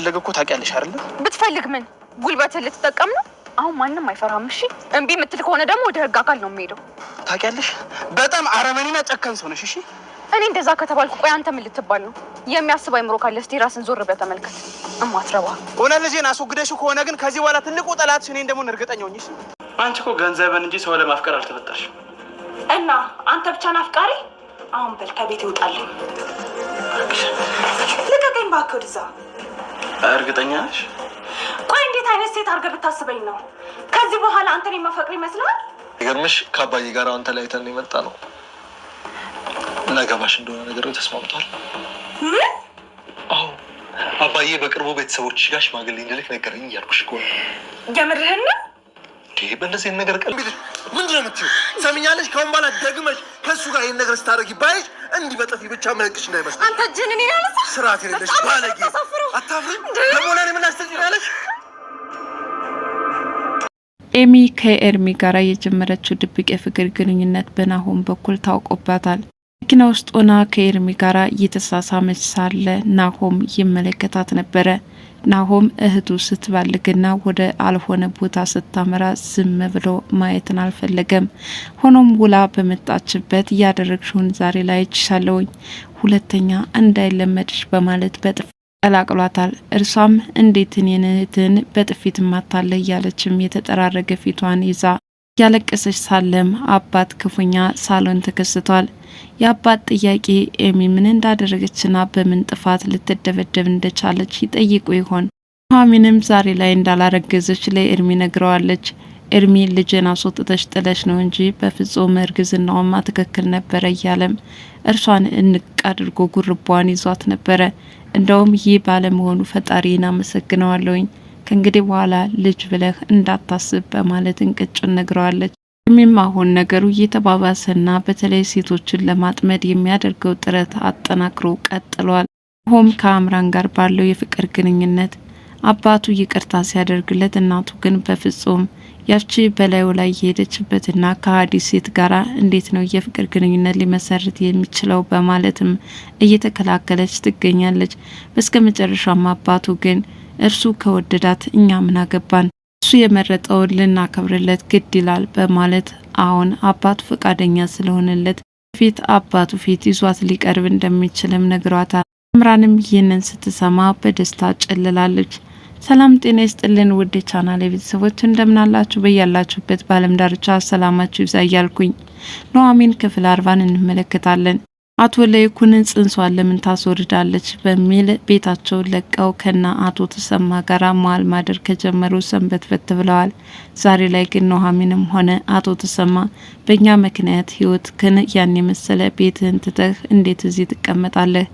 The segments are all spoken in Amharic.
ብትፈልግ እኮ ታውቂያለሽ አይደለ? ብትፈልግ ምን ጉልበት ልትጠቀም ነው? አሁን ማንም አይፈራም። እሺ እምቢ የምትል ከሆነ ደግሞ ወደ ህግ አካል ነው የሚሄደው። ታውቂያለሽ በጣም አረመኔና ጨከን ሰው ነሽ። እሺ እኔ እንደዛ ከተባልኩ ቆይ አንተ ምን ልትባል ነው? የሚያስብ አይምሮ ካለ እስቲ ራስን ዞር ብለህ ተመልከት። እማትረባ ሆነ ልጄን አስወግደሽ ከሆነ ግን ከዚህ በኋላ ትልቁ ጠላትሽ እኔ እንደምሆን እርግጠኛ ሆኜ። አንቺ እኮ ገንዘብን እንጂ ሰው ለማፍቀር አልተፈጠርሽም። እና አንተ ብቻ ናፍቃሪ። አሁን በል ከቤት ይውጣልኝ። ልቀቀኝ እባክህ ወደዛ እርግጠኛ ነሽ? ቆይ እንዴት አይነት ሴት አድርገህ ብታስበኝ ነው? ከዚህ በኋላ አንተን የማፈቅር ይመስላል? ይገርምሽ፣ ከአባዬ ጋር ላይ ተን የመጣ ነው። ለገባሽ እንደሆነ ነገር ተስማምቷል። አዎ አባዬ በቅርቡ ቤተሰቦች ጋር ሽማግሌ እንድልክ ነገረኝ እያልኩሽ እኮ ነው። የምርህን ነው? በእንደዚህ ነገር ቀ ምንድን ነው የምትይው? ሰሚኛለሽ? ከአሁን በኋላ ደግመሽ ከእሱ ጋር ይህን ነገር ስታደርጊ ባይሽ እንዲህ በጠፊ ብቻ መልቅሽ እንዳይመስል። አንተ ጅንን እኔ ያለ ስርዓት የሌለሽ ባለጌ! አታፍሪም? ለሞላን የምናስተኛለሽ ኤሚ ከኤርሚ ጋር የጀመረችው ድብቅ የፍቅር ግንኙነት በናሆም በኩል ታውቆባታል። መኪና ውስጥ ሆና ከኤርሚ ጋር እየተሳሳመች ሳለ ናሆም ይመለከታት ነበረ። ናሆም እህቱ ስትባልግና ወደ አልሆነ ቦታ ስታመራ ዝም ብሎ ማየትን አልፈለገም። ሆኖም ውላ በመጣችበት እያደረግሽውን ዛሬ ላይ ችሻለውኝ ሁለተኛ እንዳይለመድሽ በማለት በጥፊ ቀላቅሏታል። እርሷም እንዴት እኔን እህትን በጥፊት ማታለ እያለችም የተጠራረገ ፊቷን ይዛ ያለቀሰች ሳለም አባት ክፉኛ ሳሎን ተከስቷል። የአባት ጥያቄ ኤሚ ምን እንዳደረገችና በምን ጥፋት ልትደበደብ እንደቻለች ይጠይቁ ይሆን? ኑሐሚንም ዛሬ ላይ እንዳላረገዘች ለኤርሚ ነግረዋለች። ኤርሚ ልጄን አስወጥተሽ ጥለሽ ነው እንጂ በፍጹም እርግዝናውማ ትክክል ነበረ እያለም እርሷን እንቅ አድርጎ ጉርቧን ይዟት ነበረ። እንደውም ይህ ባለመሆኑ ፈጣሪን አመሰግነዋለውኝ። ከእንግዲህ በኋላ ልጅ ብለህ እንዳታስብ በማለት እንቅጭን ነግረዋለች። ሚም አሁን ነገሩ እየተባባሰና በተለይ ሴቶችን ለማጥመድ የሚያደርገው ጥረት አጠናክሮ ቀጥሏል። ሆም ከአምራን ጋር ባለው የፍቅር ግንኙነት አባቱ ይቅርታ ሲያደርግለት፣ እናቱ ግን በፍጹም ያቺ በላዩ ላይ የሄደችበትና ከሀዲ ሴት ጋር እንዴት ነው የፍቅር ግንኙነት ሊመሰርት የሚችለው በማለትም እየተከላከለች ትገኛለች። በስከ መጨረሻም አባቱ ግን እርሱ ከወደዳት እኛ ምን አገባን፣ እሱ የመረጠውን ልናከብርለት ግድ ይላል በማለት አሁን አባቱ ፈቃደኛ ስለሆነለት ፊት አባቱ ፊት ይዟት ሊቀርብ እንደሚችልም ነግሯታል። እምራንም ይህንን ስትሰማ በደስታ ጨልላለች። ሰላም ጤና ይስጥልን ውድ የቻናል የቤተሰቦች እንደምናላችሁ በያላችሁበት ባለም ዳርቻ ሰላማችሁ ይብዛ እያልኩኝ ኑሐሚን ክፍል አርባን እንመለከታለን። አቶ ለይኩንን ጽንሷን ለምን ታስወርዳለች በሚል ቤታቸውን ለቀው ከና አቶ ተሰማ ጋር መዋል ማደር ከጀመሩ ሰንበት በት ብለዋል። ዛሬ ላይ ግን ኑሐሚንም ሆነ አቶ ተሰማ በእኛ ምክንያት ህይወት ክን ያን የመሰለ ቤትህን ትተህ እንዴት እዚህ ትቀመጣለህ?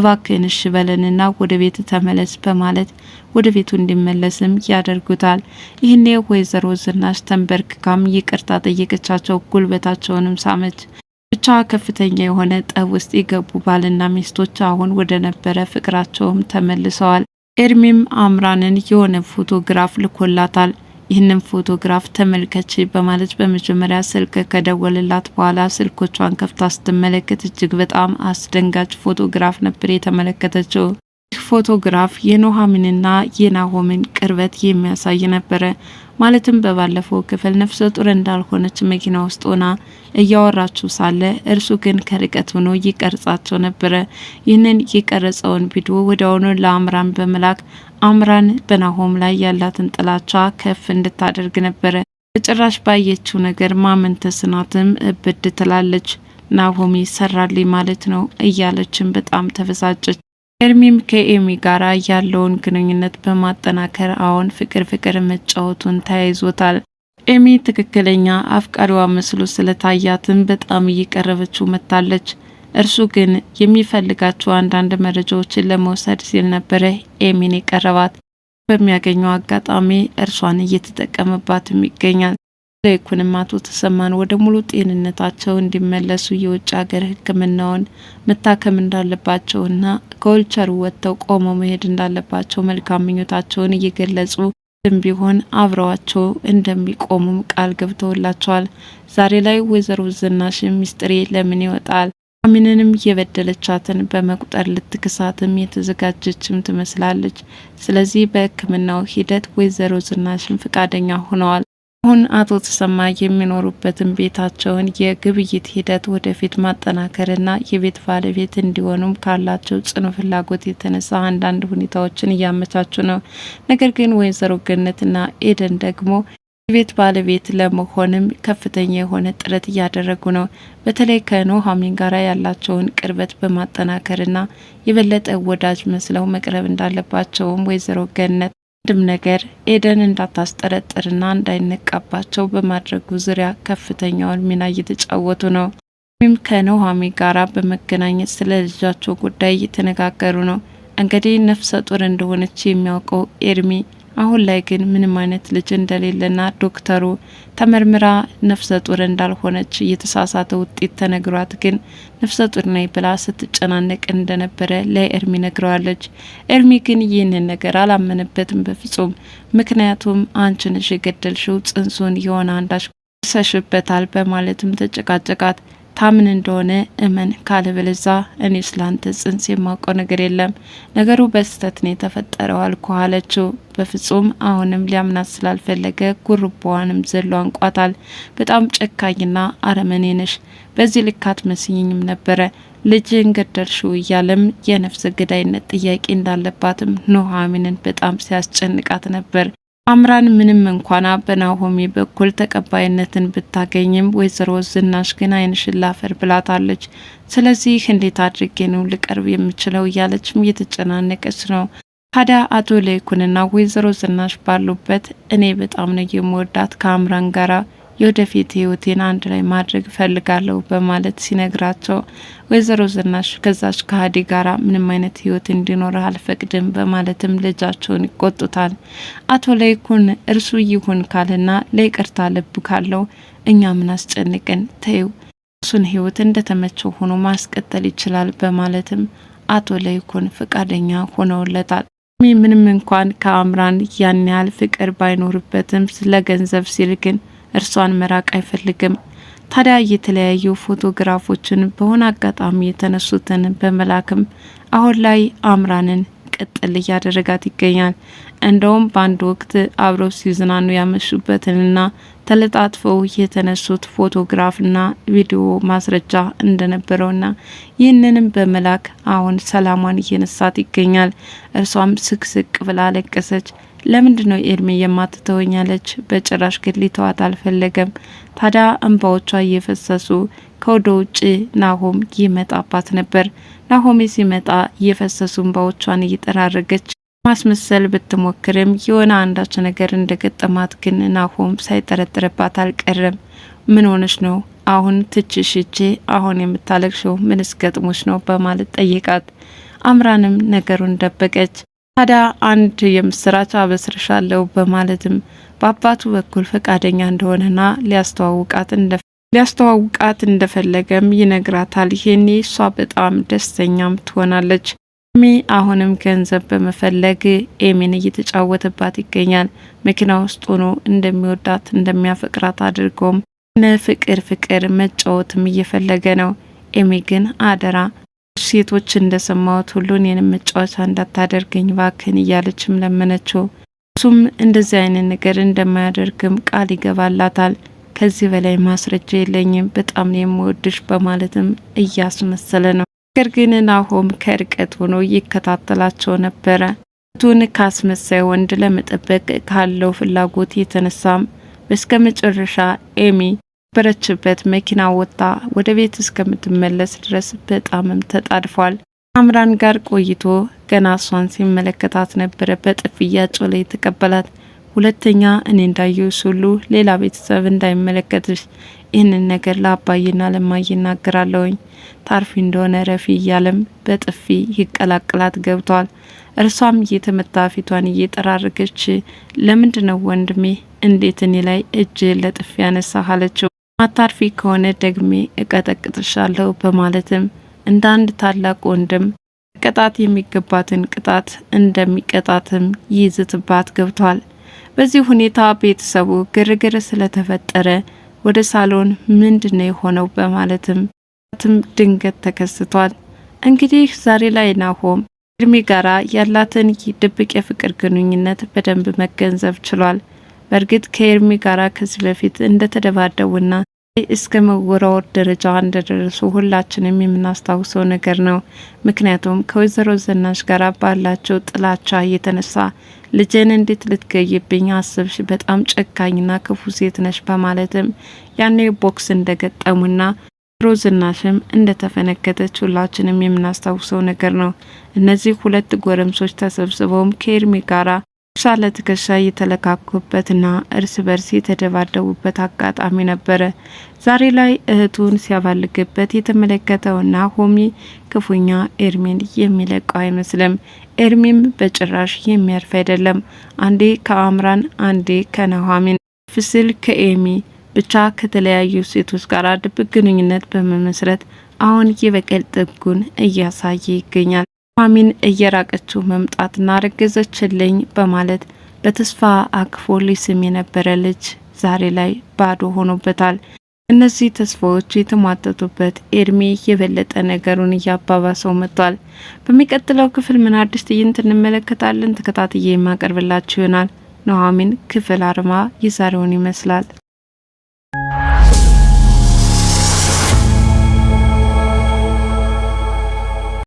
እባክህን እሽ በለንና ወደ ቤት ተመለስ በማለት ወደ ቤቱ እንዲመለስም ያደርጉታል። ይህኔ ወይዘሮ ዝናሽ ተንበርክካም ይቅርታ ጠየቀቻቸው፣ ጉልበታቸውንም ሳመች። ብቻ ከፍተኛ የሆነ ጠብ ውስጥ የገቡ ባልና ሚስቶች አሁን ወደ ነበረ ፍቅራቸውም ተመልሰዋል። ኤርሚም አምራንን የሆነ ፎቶግራፍ ልኮላታል። ይህንን ፎቶግራፍ ተመልከች በማለት በመጀመሪያ ስልክ ከደወለላት በኋላ ስልኮቿን ከፍታ ስትመለከት እጅግ በጣም አስደንጋጭ ፎቶግራፍ ነበር የተመለከተችው። ይህ ፎቶግራፍ የኑሐሚንና የናሆምን ቅርበት የሚያሳይ ነበረ። ማለትም በባለፈው ክፍል ነፍሰ ጡር እንዳልሆነች መኪና ውስጥ ሆና እያወራችው ሳለ እርሱ ግን ከርቀት ሆኖ ይቀርጻቸው ነበረ። ይህንን የቀረጸውን ቪዲዮ ወዲያውኑ ለአምራን በመላክ አምራን በናሆም ላይ ያላትን ጥላቻ ከፍ እንድታደርግ ነበረ። በጭራሽ ባየችው ነገር ማመን ተስናትም እብድ ትላለች። ናሆም ይሰራልኝ ማለት ነው እያለችን በጣም ተበሳጨች። ኤርሚም ከኤሚ ጋር ያለውን ግንኙነት በማጠናከር አሁን ፍቅር ፍቅር መጫወቱን ተያይዞታል። ኤሚ ትክክለኛ አፍቃሪዋ መስሎ ስለታያትም በጣም እየቀረበችው መጥታለች። እርሱ ግን የሚፈልጋቸው አንዳንድ መረጃዎችን ለመውሰድ ሲል ነበረ ኤሚን የቀረባት። በሚያገኘው አጋጣሚ እርሷን እየተጠቀመባትም ይገኛል። ለይኩንም አቶ ተሰማን ወደ ሙሉ ጤንነታቸው እንዲመለሱ የውጭ ሀገር ሕክምናውን መታከም እንዳለባቸውና ከወልቸሩ ወጥተው ቆመው መሄድ እንዳለባቸው መልካም ምኞታቸውን እየገለጹ ድም ቢሆን አብረዋቸው እንደሚቆሙም ቃል ገብተውላቸዋል። ዛሬ ላይ ወይዘሮ ዝናሽ ሚስጥሬ ለምን ይወጣል? አሚንንም የበደለቻትን በመቁጠር ልትክሳትም የተዘጋጀችም ትመስላለች። ስለዚህ በሕክምናው ሂደት ወይዘሮ ዝናሽን ፈቃደኛ ሆነዋል። አሁን አቶ ተሰማ የሚኖሩበትን ቤታቸውን የግብይት ሂደት ወደፊት ማጠናከርና የቤት ባለቤት እንዲሆኑም ካላቸው ጽኑ ፍላጎት የተነሳ አንዳንድ ሁኔታዎችን እያመቻቹ ነው። ነገር ግን ወይዘሮ ገነትና ኤደን ደግሞ የቤት ባለቤት ለመሆንም ከፍተኛ የሆነ ጥረት እያደረጉ ነው። በተለይ ከኑሃሚን ጋር ያላቸውን ቅርበት በማጠናከርና የበለጠ ወዳጅ መስለው መቅረብ እንዳለባቸውም ወይዘሮ ገነት አንድም ነገር ኤደን እንዳታስጠረጥርና እንዳይነቃባቸው በማድረጉ ዙሪያ ከፍተኛውን ሚና እየተጫወቱ ነው። ሚም ከኑሃሚ ጋራ በመገናኘት ስለ ልጃቸው ጉዳይ እየተነጋገሩ ነው። እንግዲህ ነፍሰ ጡር እንደሆነች የሚያውቀው ኤርሚ አሁን ላይ ግን ምንም አይነት ልጅ እንደሌለና ዶክተሩ ተመርምራ ነፍሰ ጡር እንዳልሆነች የተሳሳተ ውጤት ተነግሯት ግን ነፍሰ ጡር ነኝ ብላ ስትጨናነቅ እንደነበረ ለኤርሚ ነግረዋለች። ኤርሚ ግን ይህንን ነገር አላመነበትም በፍጹም። ምክንያቱም አንችንሽ የገደልሽው ጽንሱን የሆነ አንዳሽ ሰሽበታል በማለትም ተጨቃጨቃት። ታምን እንደሆነ እመን ካለበለዛ እኔ ስላንተ ጽንስ የማውቀው ነገር የለም፣ ነገሩ በስህተት ነው የተፈጠረው አልኩ አለችው። በፍጹም አሁንም ሊያምናት ስላልፈለገ ጉርቧንም ዘሎ አንቋታል። በጣም ጨካኝና አረመኔ ነሽ፣ በዚህ ልክ አትመስኝም ነበረ ልጅን ገደልሽው እያለም የነፍስ ገዳይነት ጥያቄ እንዳለባትም ኑሐሚንን በጣም ሲያስጨንቃት ነበር። አምራን ምንም እንኳን በናሆሚ በኩል ተቀባይነትን ብታገኝም ወይዘሮ ዝናሽ ግን ዓይንሽን ላፈር ብላታለች። ስለዚህ እንዴት አድርጌ ነው ልቀርብ የምችለው እያለችም እየተጨናነቀች ነው። ታዲያ አቶ ለይኩንና ወይዘሮ ዝናሽ ባሉበት እኔ በጣም ነው የምወዳት ከአምራን ጋራ የወደፊት ህይወቴን አንድ ላይ ማድረግ እፈልጋለሁ በማለት ሲነግራቸው ወይዘሮ ዝናሽ ከዛች ከሀዲ ጋራ ምንም አይነት ህይወት እንዲኖርህ አልፈቅድም በማለትም ልጃቸውን ይቆጡታል። አቶ ለይኩን እርሱ ይሁን ካልና ለይቅርታ ልብ ካለው እኛ ምን አስጨንቅን ተይው እሱን ህይወት እንደተመቸው ሆኖ ማስቀጠል ይችላል በማለትም አቶ ለይኩን ፈቃደኛ ሆነውለታል። ምንም እንኳን ከአምራን ያን ያህል ፍቅር ባይኖርበትም ስለ ገንዘብ ሲል ግን እርሷን መራቅ አይፈልግም። ታዲያ የተለያዩ ፎቶግራፎችን በሆነ አጋጣሚ የተነሱትን በመላክም አሁን ላይ አምራንን ቅጥል እያደረጋት ይገኛል። እንደውም በአንድ ወቅት አብረው ሲዝናኑ ያመሹበትንና ተለጣጥፈው የተነሱት ፎቶግራፍና ቪዲዮ ማስረጃ እንደነበረውና ይህንንም በመላክ አሁን ሰላሟን እየነሳት ይገኛል። እርሷም ስቅስቅ ብላ አለቀሰች። ለምንድ ነው ኤርሚ የማትተወኛለች? በጭራሽ ግን ሊተዋት አልፈለገም። ታዲያ እንባዎቿ እየፈሰሱ ከወደ ውጭ ናሆም ይመጣባት ነበር። ናሆሜ ሲመጣ የፈሰሱ እንባዎቿን እየጠራረገች ማስመሰል ብትሞክርም የሆነ አንዳች ነገር እንደገጠማት ግን ናሆም ሳይጠረጥርባት አልቀረም። ምን ሆነች ነው አሁን ትችሽ እጄ አሁን የምታለቅሸው ምንስ ገጥሞች ነው በማለት ጠይቃት፣ አምራንም ነገሩን ደበቀች። ታዲያ አንድ የምስራች አበስርሻለሁ በማለትም በአባቱ በኩል ፈቃደኛ እንደሆነና ሊያስተዋውቃት እንደ ሊያስተዋውቃት እንደፈለገም ይነግራታል። ይሄኔ እሷ በጣም ደስተኛም ትሆናለች። ሚ አሁንም ገንዘብ በመፈለግ ኤሚን እየተጫወተባት ይገኛል። መኪና ውስጥ ሆኖ እንደሚወዳት እንደሚያፈቅራት አድርጎም ፍቅር ፍቅር መጫወትም እየፈለገ ነው። ኤሚ ግን አደራ ሴቶች እንደሰማሁት ሁሉ እኔንም መጫወቻ እንዳታደርገኝ ባክን እያለችም ለመነችው። እሱም እንደዚህ አይነት ነገር እንደማያደርግም ቃል ይገባላታል። ከዚህ በላይ ማስረጃ የለኝም፣ በጣም ነው የምወድሽ በማለትም እያስመሰለ ነው። ነገር ግን ናሆም ከርቀት ሆኖ ይከታተላቸው ነበረ። ቱን ካስመሳይ ወንድ ለመጠበቅ ካለው ፍላጎት የተነሳም እስከ መጨረሻ ኤሚ በረችበት መኪና ወጥታ ወደ ቤት እስከምትመለስ ድረስ በጣምም ተጣድፏል። አምራን ጋር ቆይቶ ገና እሷን ሲመለከታት ነበረ በጥፊ እያጮለ የተቀበላት። ሁለተኛ እኔ እንዳየሁሽ ሁሉ ሌላ ቤተሰብ እንዳይመለከትሽ ይህንን ነገር ለአባይና ለማይ ይናገራለሁኝ። ታርፊ እንደሆነ ረፊ እያለም በጥፊ ይቀላቅላት ገብቷል። እርሷም እየተመታ ፊቷን እየጠራረገች ለምንድነው ነው ወንድሜ እንዴት እኔ ላይ እጅ ለጥፊ ያነሳ አለችው። ማታርፊ ከሆነ ደግሜ እቀጠቅጥሻለሁ በማለትም እንደ አንድ ታላቅ ወንድም ቅጣት የሚገባትን ቅጣት እንደሚቀጣትም ይዝትባት ገብቷል። በዚህ ሁኔታ ቤተሰቡ ግርግር ስለተፈጠረ ወደ ሳሎን ምንድነው የሆነው በማለትም ትም ድንገት ተከስቷል። እንግዲህ ዛሬ ላይ ናሆም እድሜ ጋራ ያላትን ድብቅ የፍቅር ግንኙነት በደንብ መገንዘብ ችሏል። በእርግጥ ከኤርሚ ጋራ ከዚህ በፊት እንደተደባደቡና እስከ መወራወር ደረጃ እንደደረሱ ሁላችንም የምናስታውሰው ነገር ነው። ምክንያቱም ከወይዘሮ ዝናሽ ጋር ባላቸው ጥላቻ እየተነሳ ልጄን እንዴት ልትገይብኝ አስብሽ? በጣም ጨካኝና ክፉ ሴት ነሽ በማለትም ያኔ ቦክስ እንደገጠሙና ወይዘሮ ዝናሽም እንደተፈነከተች ሁላችንም የምናስታውሰው ነገር ነው። እነዚህ ሁለት ጎረምሶች ተሰብስበውም ከኤርሚ ጋራ ትከሻ ለትከሻ የተለካኩበትና እርስ በርስ የተደባደቡበት አጋጣሚ ነበረ። ዛሬ ላይ እህቱን ሲያባልግበት የተመለከተውና ሆሚ ክፉኛ ኤርሚን የሚለቀው አይመስልም። ኤርሚም በጭራሽ የሚያርፍ አይደለም። አንዴ ከአምራን፣ አንዴ ከነሐሚን ፍስል ከኤሚ ብቻ ከተለያዩ ሴቶች ጋር ድብቅ ግንኙነት በመመስረት አሁን የበቀል ጥጉን እያሳየ ይገኛል። ኑሐሚን እየራቀችው መምጣት ረገዘችልኝ በማለት በተስፋ አቅፎ ሊስም የነበረ ልጅ ዛሬ ላይ ባዶ ሆኖበታል። እነዚህ ተስፋዎች የተሟጠጡበት ኤርሚ የበለጠ ነገሩን እያባባሰው መጥቷል። በሚቀጥለው ክፍል ምን አዲስ ትዕይንት እንመለከታለን? ተከታትዬ የማቀርብላችሁ ይሆናል። ኑሐሚን ክፍል አርማ የዛሬውን ይመስላል።